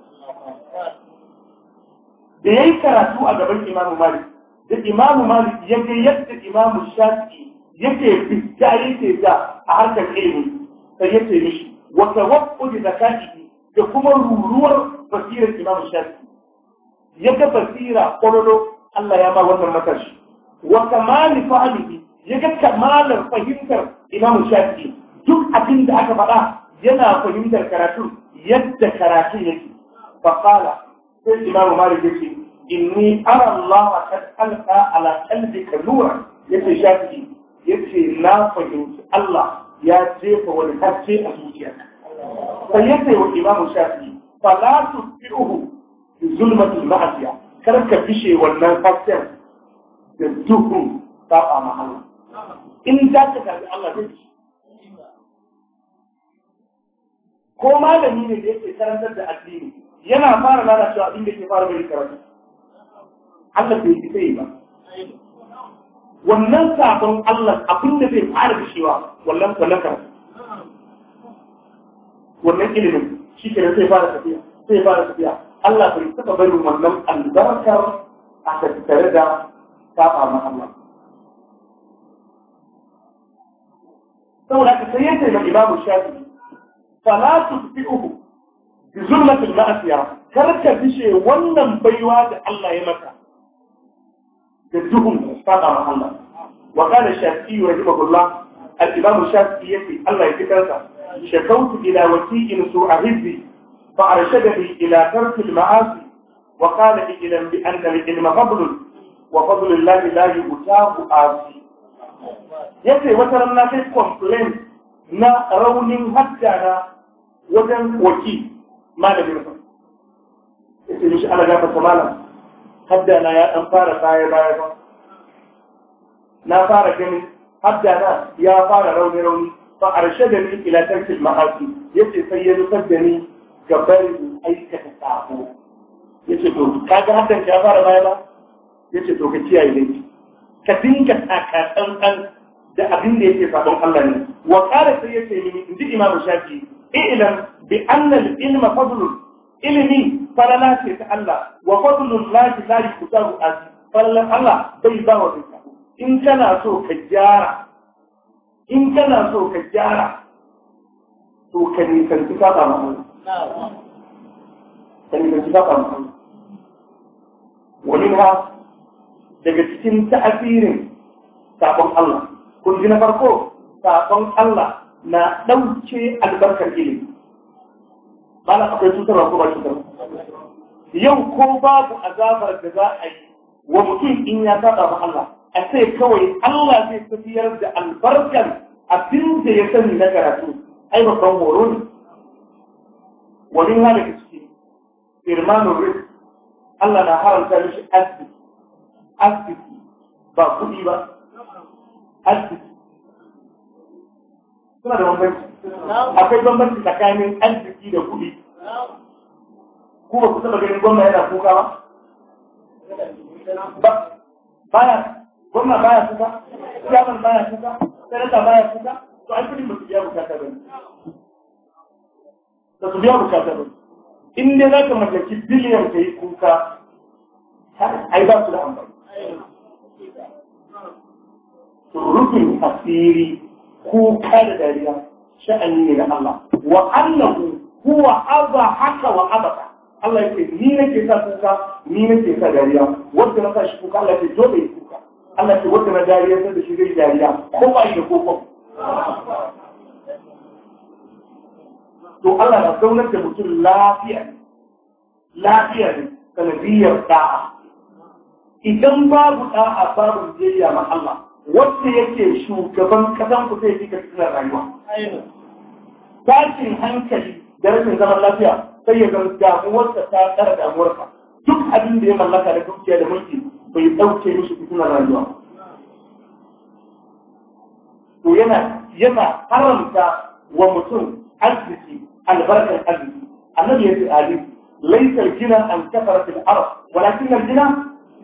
da ya yi karatu a gaban imamu malik da imamu malik ya ga yadda imamu shafi yake fita yake da a harkar ilimi sai ya ce mishi wata wakko da zakati da kuma ruruwar basirar imamu shafi ya ga basira ƙwararro Allah ya ba wannan matashi wa kamali fa'alihi ya ga kamalar fahimtar imamu shafi duk abin da aka faɗa yana fahimtar karatun yadda karatun yake faqala sai imamu malik yace inni ara Allah kad alqa ala qalbika nura yace shafi yace na fahimci Allah ya jefa wani haske a zuciyarka sai yace wa imamu shafi fala tusbihu bi zulmati al kar ka fishe wannan hasken da duhun saba ma Allah in za ka tafi Allah zai ko malami ne da yake karantar da addini yana fara lalacewa abin da ke fara bai karatu Allah bai yi sai ba wannan sabon Allah abin da zai fara da shewa wallan falaka wannan ilimin shi ke sai fara tafiya sai fara tafiya Allah bai taɓa barin wannan albarkar a tattare da saba ma Allah saboda ka sai yadda Imam Shafi'i fala tusbihu bi zulmatil ma'asiya kar ka bishe wannan baiwa da Allah ya maka da duhun saba ma Allah wa kana shafi'i rahimahullah al-imam shafi'i yace Allah ya fitarsa shakautu ila wasi'in su'a hizbi fa arshadani ila tarkil ma'asi wa qala ilam bi anna al-ilma fadlun wa fadlu Allah la yutahu asi yace wata ran na kai complain na raunin hajjana wajen waki malamin sa yace mishi ana gafa malam hadda na ya dan fara baya baya ba na fara gani. hadda na ya fara rauni rauni fa ni ila tarkil ma'asi yace sai ya nufar da ni ga bari barin aikata sabo yace to kaga hadda ya fara baya ba yace to ka kiyaye dai ka dinka dan dan da abin da yake sabon Allah ne wa kare sai yace ni inji imamu shafi i'lam bi anna al-ilma fadlun ilimi falala ta Allah wa fadlun lahi la yuqdaru az falalan Allah bai ba wa duka in kana so ka jara. in kana so ka gyara to ka ne san ka ba mu ka ne san ka ba mu wani ma daga cikin ta'asirin sabon Allah kun ji farko sabon Allah na ɗauke albarkar ilimi ba na akwai cutarwa ko ba cutar. yau ko babu azabar da za a yi wa mutum in ya saba ma Allah a sai kawai Allah zai tafiyar da albarkar abin da ya sani na karatu ai ba kan horo ne wani ya daga ciki irmanun rik Allah na haramta mishi asibiti asibiti ba kuɗi ba asibiti suna da bambanci akwai bambanci tsakanin arziki da kuɗi ku ba ku taɓa ganin gwamna yana kuka ba baya gwamna baya kuka siyaman baya kuka sanata baya kuka to ai kuɗin ba su biya bukata ba ba su biya bukata ba in dai za ka mallaki biliyan ka yi kuka ai ba su da amfani rufin asiri kuka da dariya sha'ani ne na Allah wa annahu huwa abba haka wa abaka Allah yake ni nake sa kuka ni nake sa dariya wanda na sa shi kuka Allah yake dole ya kuka Allah yake wanda na dariya sai da shi zai dariya ko ba shi da koko to Allah na zaunar da mutum lafiya lafiya ne sanadiyar da'a idan babu da'a babu biyayya ma Allah wanda yake shugaban kasan ku zai fika fitinar rayuwa tashin hankali da rashin zaman lafiya sai ya ga damuwarsa ta tsara damuwarka duk abin da ya mallaka da dukiya da mulki bai ɗauke mishi fitinar rayuwa to yana yana haramta wa mutum arziki albarkar arziki annabi ya ce ali laisar gina an kafar fil arab walakin al gina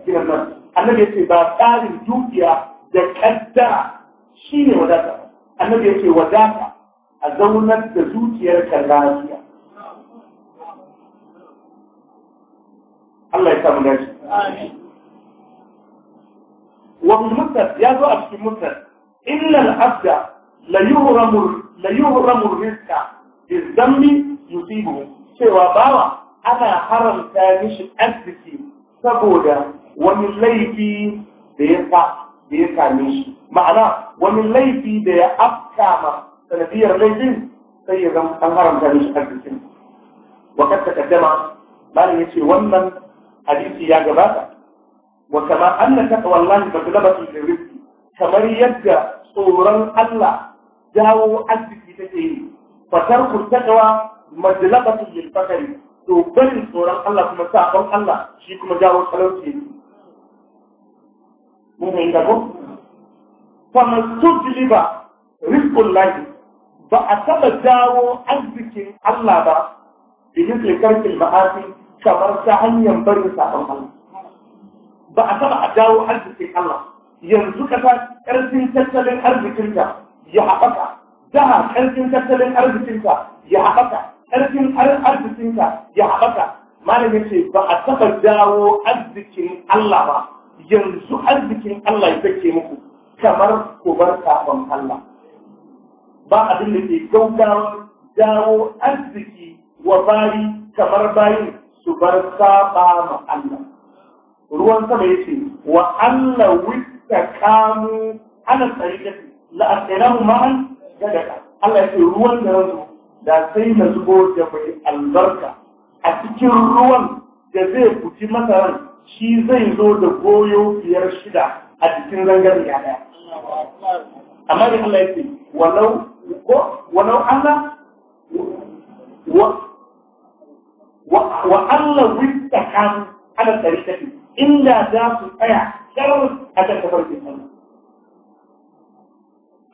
gina nan annabi ya ce ba tsarin dukiya da kaddara shi ne wadata annabi ya ce wadata a zaunar da zuciyarka lafiya Allah ya samu wa mutar ya zo a cikin mutar illa al-abda la yuhramu la yuhramu rizqa yusibu cewa bawa ana haramta mishi arziki saboda wani laifi da ya fa da ya kame shi ma'ana wani laifi da ya afka ma sanadiyar laifin sai ya zama an haramta mishi arzikin wa kad taqaddama ya yace wannan hadisi ya gabata wa kama anna taqwallahi matlabatu lirrizqi kamar yadda tsoron Allah jawo arziki take yi fatar ku taqwa lil fakari to barin tsoron Allah kuma sabon Allah shi kuma jawo talauci mun yi ko fa mastujliba lahi ba a taba dawo arzikin Allah ba da yake karkin ma'asi kamar ta hanyar barin sabon Allah ba a taba a dawo arzikin Allah yanzu ka ta karfin tattalin arzikinta ya haɓaka daha ƙarfin tattalin arzikinta ya haɓaka ƙarfin arzikinta ya haɓaka malam ya ce ba a taɓa dawo arzikin Allah ba yanzu arzikin Allah ya ke muku kamar ku bar kafin Allah ba abin da ke gaugawa dawo arziki wa bayi kamar bayin su bar saba ma Allah ruwan sama ya ce wa Allah wittakamu ala tsarikati la asirahu ma'an gadaka Allah ya ce ruwan da rasu da sai na zubo da mai albarka a cikin ruwan da zai fuci masaran shi zai zo da goyo biyar shida a cikin zangare ya daya. Amma da Allah yake walau ko walau Allah wa Allah wita kan ana tsari tafi inda za su tsaya kar a kan kafar ke sani.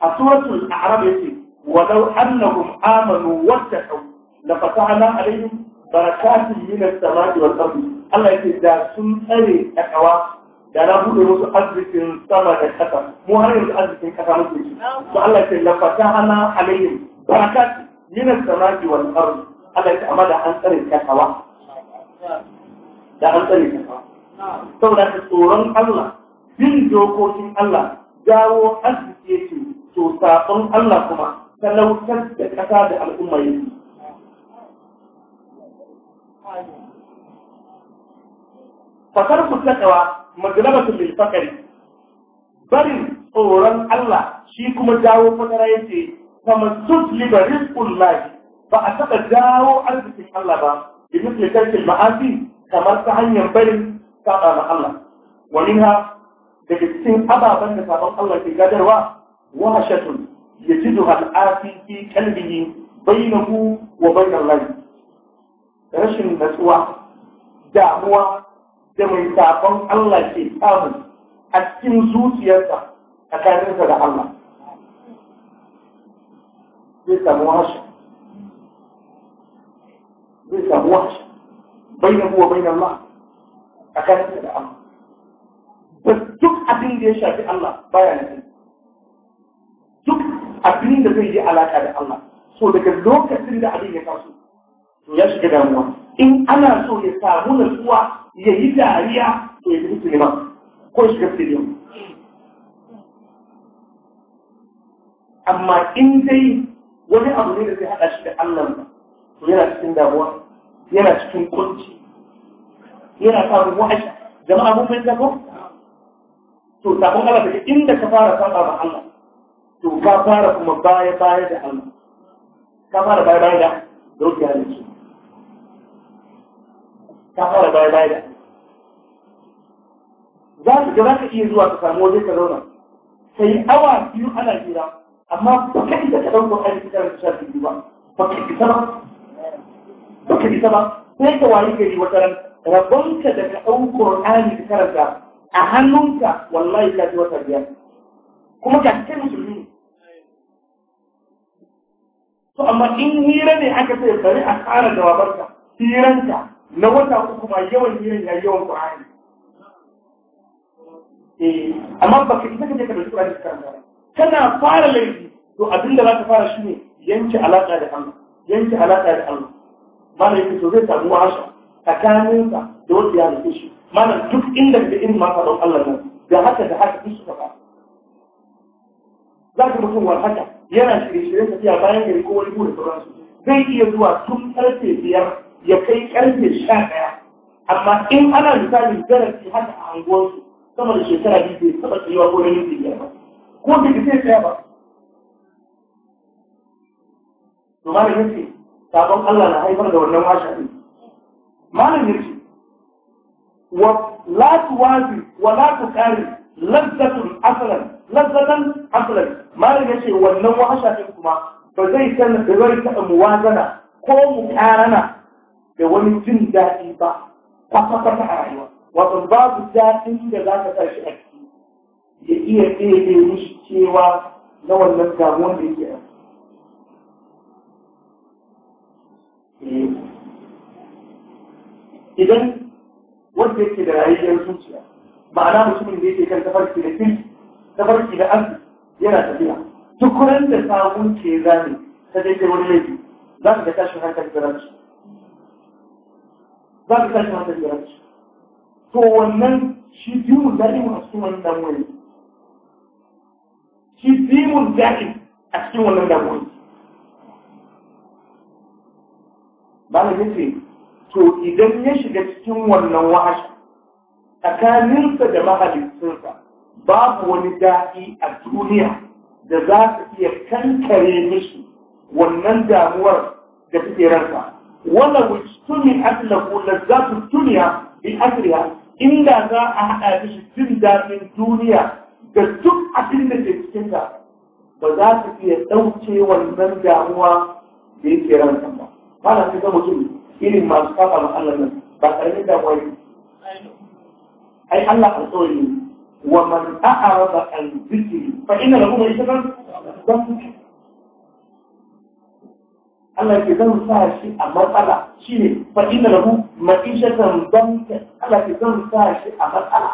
A suratul Arab yake walau annahum amanu wa tasaw la fata'ala alaihim barakatun min as-samai wal ardi Allah yake da sun tsare kawa da na buɗe musu arzikin sama da ƙasa mu har yanzu arzikin ƙasa muke shi to Allah yake la ana alaihim barakat min as-samai wal ard Allah yake amma da an tsare kawa da an tsare takawa saboda tsoron Allah bin dokokin Allah jawo arziki yake to sabon Allah kuma talautar da ƙasa da al'umma yake. fatar mutakawa takawa maglabatu fakari barin tsoron Allah shi kuma dawo fadara yace masud li rizqul lahi ba a taɓa dawo arzikin Allah ba bi misli tarkil ma'asi kamar ta hanyar barin saba ma Allah wa minha daga cikin ababen da saban Allah ke gadarwa wahashatun yajiduha al'afi fi qalbihi bainahu wa bainal lahi rashin natsuwa damuwa da mai sabon Allah ke samun a cikin zuciyarsa tsakaninsa da Allah. Zai samu hasha. Zai samu hasha. Bainan kuwa bainan ma tsakaninsa da Allah. Da duk abin da ya shafi Allah baya nufin. Duk abin da zai yi alaƙa da Allah. So daga lokacin da abin ya taso, to ya shiga damuwa. In ana so ya samu nutsuwa ya yi dariya to ya tafi sinima ko shiga stadium amma in dai wani abu ne da zai haɗa shi da Allah ba to yana cikin damuwa yana cikin kunci yana samun wa'ashi jama'a mun fahimta ko to sabon Allah daga inda ka fara saba ma Allah to ka fara kuma baya baya da Allah ka fara baya baya da da ne ta fara baya baya da za su ga za ka iya zuwa ka samu waje ka zauna sai awa biyu ana jira. amma ba ka isa ka ɗauko aiki da karanta shafi biyu ba ba ka isa ba ba ka isa ba sai ka wayi gari wata ran rabonka da ka ɗauko aiki ta karanta a hannunka wallahi ka ji wata biyar kuma ka kai musulmi to amma in hira ne aka sai bari a tsara jawabanka hiranka na wata uku ba yawan yin ya yawan ƙwari eh, amma ba ka isa ka je ka da su a jikin kana fara laifi to abin da za ka fara shi ne yanke alaƙa da Allah yanke alaƙa da Allah malam yake to zai samu wahasha ka da wanda ya nufi shi Mana duk inda da in ma faɗon Allah ne da haka da haka duk suka fara za ka mutum wa haka yana shirye-shirye tafiya bayan gari ko wani buɗe sauransu zai iya zuwa tun karfe biyar ya kai karfe sha ɗaya amma in ana misalin zarafi haka a anguwarsu sama da shekara biyu bai taɓa tsayuwa ko ranar biyar ba ko da sai tsaya ba to malam yake sabon Allah na haifar da wannan washa din malam yake wa la wazi wa la kari lazzatun asalan lazzatan asalan malam yake wannan washa din kuma ba zai san da zai taɓa muwazana ko mu karana da wani jin daɗi ba kwata-kwata a rayuwa wato babu daɗin da za ka tashi a ciki ya iya ɗebe mishi cewa na wannan damuwar da yake a eh. idan wanda yake da rayuwar zuciya ma'ana mutumin da yake kan tafarki da fil tafarki da arziki yana tafiya duk da samun ke zane ta daidai wani laifi za ka ga tashin hankali da ransu za ka tashi wannan garanci to wannan shi dimun da'im a cikin wannan damuwa shi dimun da'im a cikin wannan damuwa ba na yace to idan ya shiga cikin wannan wahashi tsakaninsa da mahalicinsa babu wani da'i a duniya da za ka iya kankare mishi wannan damuwar da take ransa wanda mutumin aslaku lazzatun duniya bi asriya inda za a haɗa da jin daɗin duniya da duk abinda ke cikin ta ba za ta iya ɗauke wannan damuwa da yake ranta ba ba na fi zama irin masu kafa ma Allah nan ba ƙarfin damuwa yi ai Allah a tsoyi wa man ta'ara ba Allah ke zan sa shi a matsala shi ne faɗi da rabu ma'ishatan banka Allah ke zan sa shi a matsala.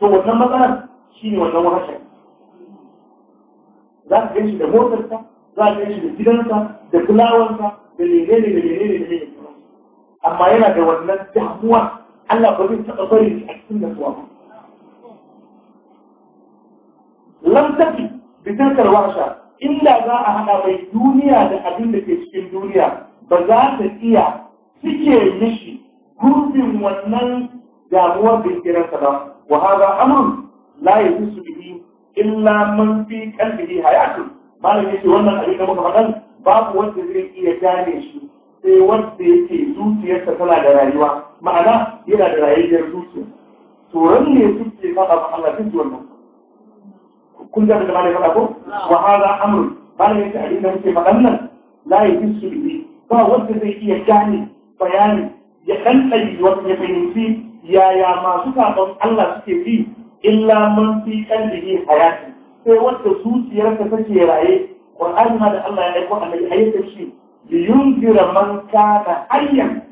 To wannan matsalar shi ne wannan wahashin. Za ka gan shi da motarsa, za ka gan shi da gidansa, da fulawarsa, da lene ne da lene ne da lene Amma yana da wannan damuwa Allah ba zai taɓa bari shi a cikin nasuwa ba. Lam tafi bitakar wahasha inda za a haɗa mai duniya da abin da ke cikin duniya ba za ta iya cike mishi gurbin wannan damuwar da kiransa ba wa haza amrun la yajusu bihi illa man fi qalbihi hayatun malam yace wannan abin da muka faɗa babu wanda zai iya gane shi sai wanda yake zuciyarsa tana da rayuwa ma'ana yana da rayuwar zuciya to ran ne suke faɗa ba Allah duk wannan kun da malai faɗa ko wa hada amru ba yace abin da muke faɗan nan la yafisu bihi ba wanda zai iya gane bayani ya dan tsayi wanda ya fahimci yaya masu sabon Allah suke bi illa man fi qalbihi hayati sai wanda zuciyarsa take raye Qur'ani ma da Allah ya aiko annabi ayyuka shi li yunzira man kana hayyan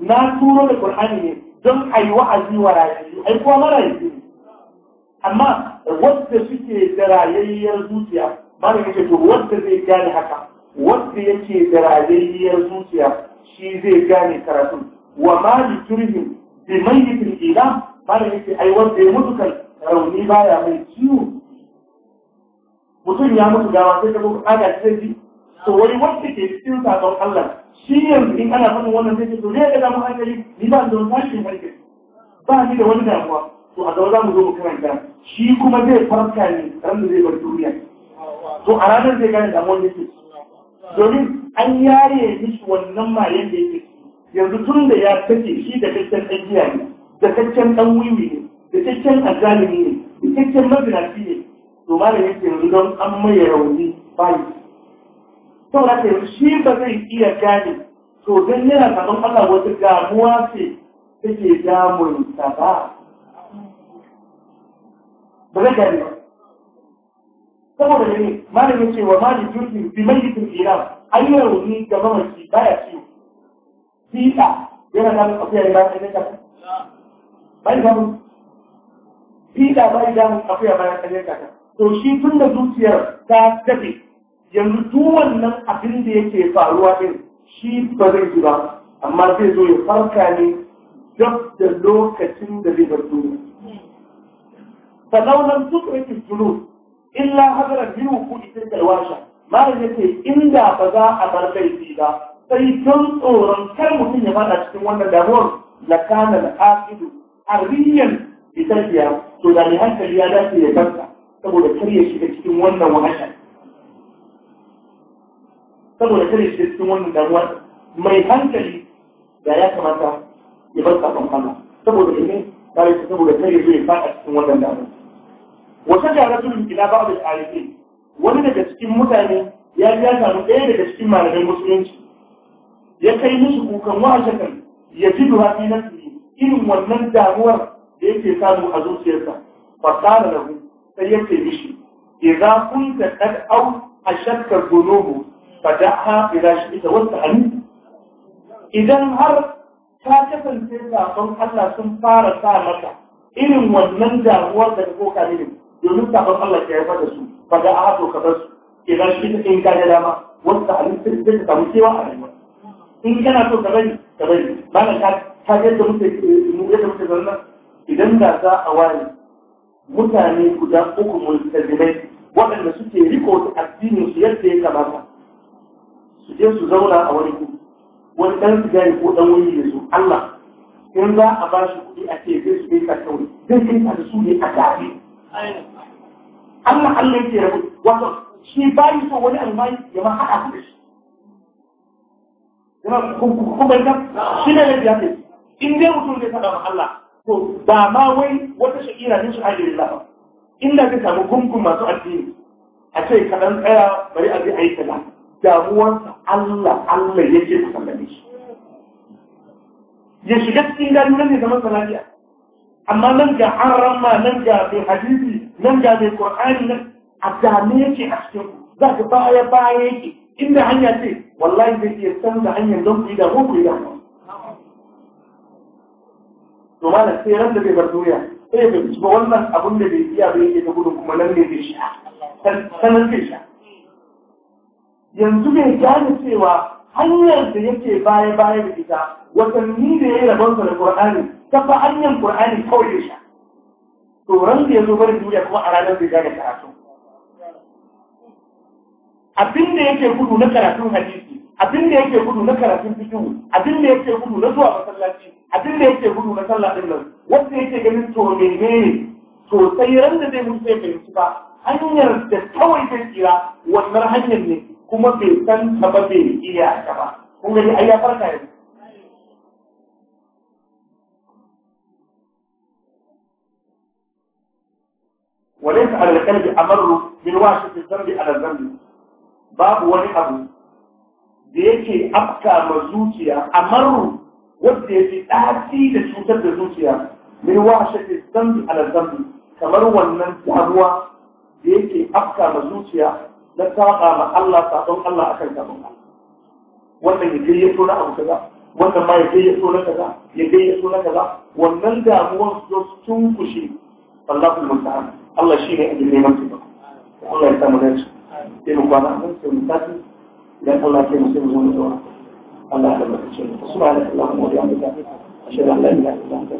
na turo da Qur'ani ne don ayi wa'azi wa rayu ai kuma marayu amma wadda suke da rayayyar zuciya malam yake to wadda zai gane haka wadda yake da rayayyar zuciya shi zai gane karatu wa ma li turhim bi mayyitin ila malam yake ai wadda ya mutu kan rauni baya mai ciwo mutum ya mutu gawa sai ka zo ana zai ji to wani wanda ke cikin sakon Allah shi yanzu in ana faɗin wannan zai ce to ne ya ga mu hankali ni ba da wani tashin hankali ba ni da wani damuwa to a gaba za mu zo mu karanta shi kuma zai farka ne ran da zai bar duniya to a ranar zai gane damuwar da ke domin an yare shi wannan mayan da yake yanzu tun da ya kace shi da kakken ɗan ne da kakken ɗan wiwi ne da kakken azalimi ne da kakken mazinafi ne to malam yake yanzu don an maye rauni bayi saboda ka yanzu shi ba zai iya gane to don yana saman Allah wata damuwa ce take damunsa ba ba ba saboda ne malamin cewa wa malin jirgin bi mai iran an yi rauni ga mamaki ya ciwo fiɗa yana ya afiya ne bayan ɗanɗan kafin ba samun fiɗa bai samun ba ya ɗanɗan kafin to shi tun da zuciyar ta dafe yanzu tuwon wannan abin da yake faruwa ɗin shi ba zai ji ba amma zai zo ya farka ne duk da lokacin da zai bar duniya فلو لم تدرك الجنود إلا هدرت من وقوع تلك الواشة ما يجي إلا بذا أمر بيتي ذا سيكون صورا كالمسلم يبقى أشتم وانا دامون لكان الآخذ حربيا بتجيا سوداني هنك اليادات يبقى saboda karye shiga cikin wannan wahashan saboda karye shiga cikin wannan damuwa mai hankali da ya kamata ya bar sakon Allah saboda ne ba saboda karye zai faɗa cikin wannan damuwa Wasu da rajulun ila ba'd a arifin wani daga cikin mutane ya ya samu ɗaya daga cikin malamai musulunci ya kai mishi kukan wa'ashakan ya ji duha fi nafsi irin wannan damuwar da yake samu a zuciyarsa fa kana lahu sai ya ce mishi a shakkar qad aw ashakka dhunubu fadaha ila wasu wasta'an idan har ta kasance sakon Allah sun fara sa maka irin wannan damuwar daga ko kalilin domin sabon Allah ke haifar da su ba ga aka so kafar su ke ba shi in ka dama wasu da halin sai ta samu cewa a rayuwa in kana so ka bari ka bari ba na ka yadda muke yadda muke zanna idan da za a ware mutane guda uku mulkazimai waɗanda suke riko da addinin su yadda ya kamata su je su zauna a wani ku wani ɗan sigari ko ɗan wani da su Allah in za a ba shi kuɗi a ce zai su kai ka kawai zai kai ka da su ne a gafi Allah Allah yake rabu wato shi bayi so wani almai ya ma haɗa ku da shi kuma kuma shi ne da ya ce in dai mutum zai saba ma Allah to ba ma wai wata shakira ne shi hajjin Allah ba inda ka samu gungun masu addini a ce ka dan tsaya bari a je a yi Allah Allah yake ka sallame shi ya shiga cikin gari nan ne zaman salatiya amma nan ga an ramma nan ga mai hadisi nan ga mai qur'ani nan a dame yake a cikin ku za ka baya baya yake inda hanya ce wallahi zai iya canza hanyar don ku yi da ku yi da mu to malam sai ran da bai bar duniya sai ya fahimci ba wannan abin da bai iya bai yake ta gudun kuma nan ne zai sha sanar zai sha yanzu bai gane cewa hanyar da yake baya baya da ita watanni da ya yi rabonsa da Qur'ani ta fa hanyar Qur'ani kawai ya sha to ran da ya zo bari duniya kuma a ranar da ya ta karatu abin da yake gudu na karatun hadisi abin da yake gudu na karatun fikihu abin da yake gudu na zuwa masallaci abin da yake gudu na sallah din nan wanda yake ganin to menene to sai ran da zai mutu sai fahimci ba hanyar da kawai zai tsira wannan hanyar ne kuma bai san taba bai iya a gaba kun gani ai ya farka yanzu walin ta alaƙar da amaru min wa shi fitar bi alazan babu wani abu da yake afka ma zuciya amaru wanda ya fi ɗaci da cutar da zuciya min wa shi fitar bi alazan kamar wannan sabuwa da yake afka ma zuciya na saba ma Allah sabon Allah akan sabon Allah wannan ya gayyato na abu kaza wannan ma ya gayyato na kaza ya gayyato na kaza wannan damuwar su zo sun kushe Allah kuma ta'ala Allah shi ne ajin neman su Allah ya samu dace sai mu kwana nan sai tafi Allah ya mu sai mu zo Allah ya albarkace mu subhanallahi wa bihamdihi ashhadu an la ilaha illa anta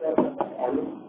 astaghfiruka wa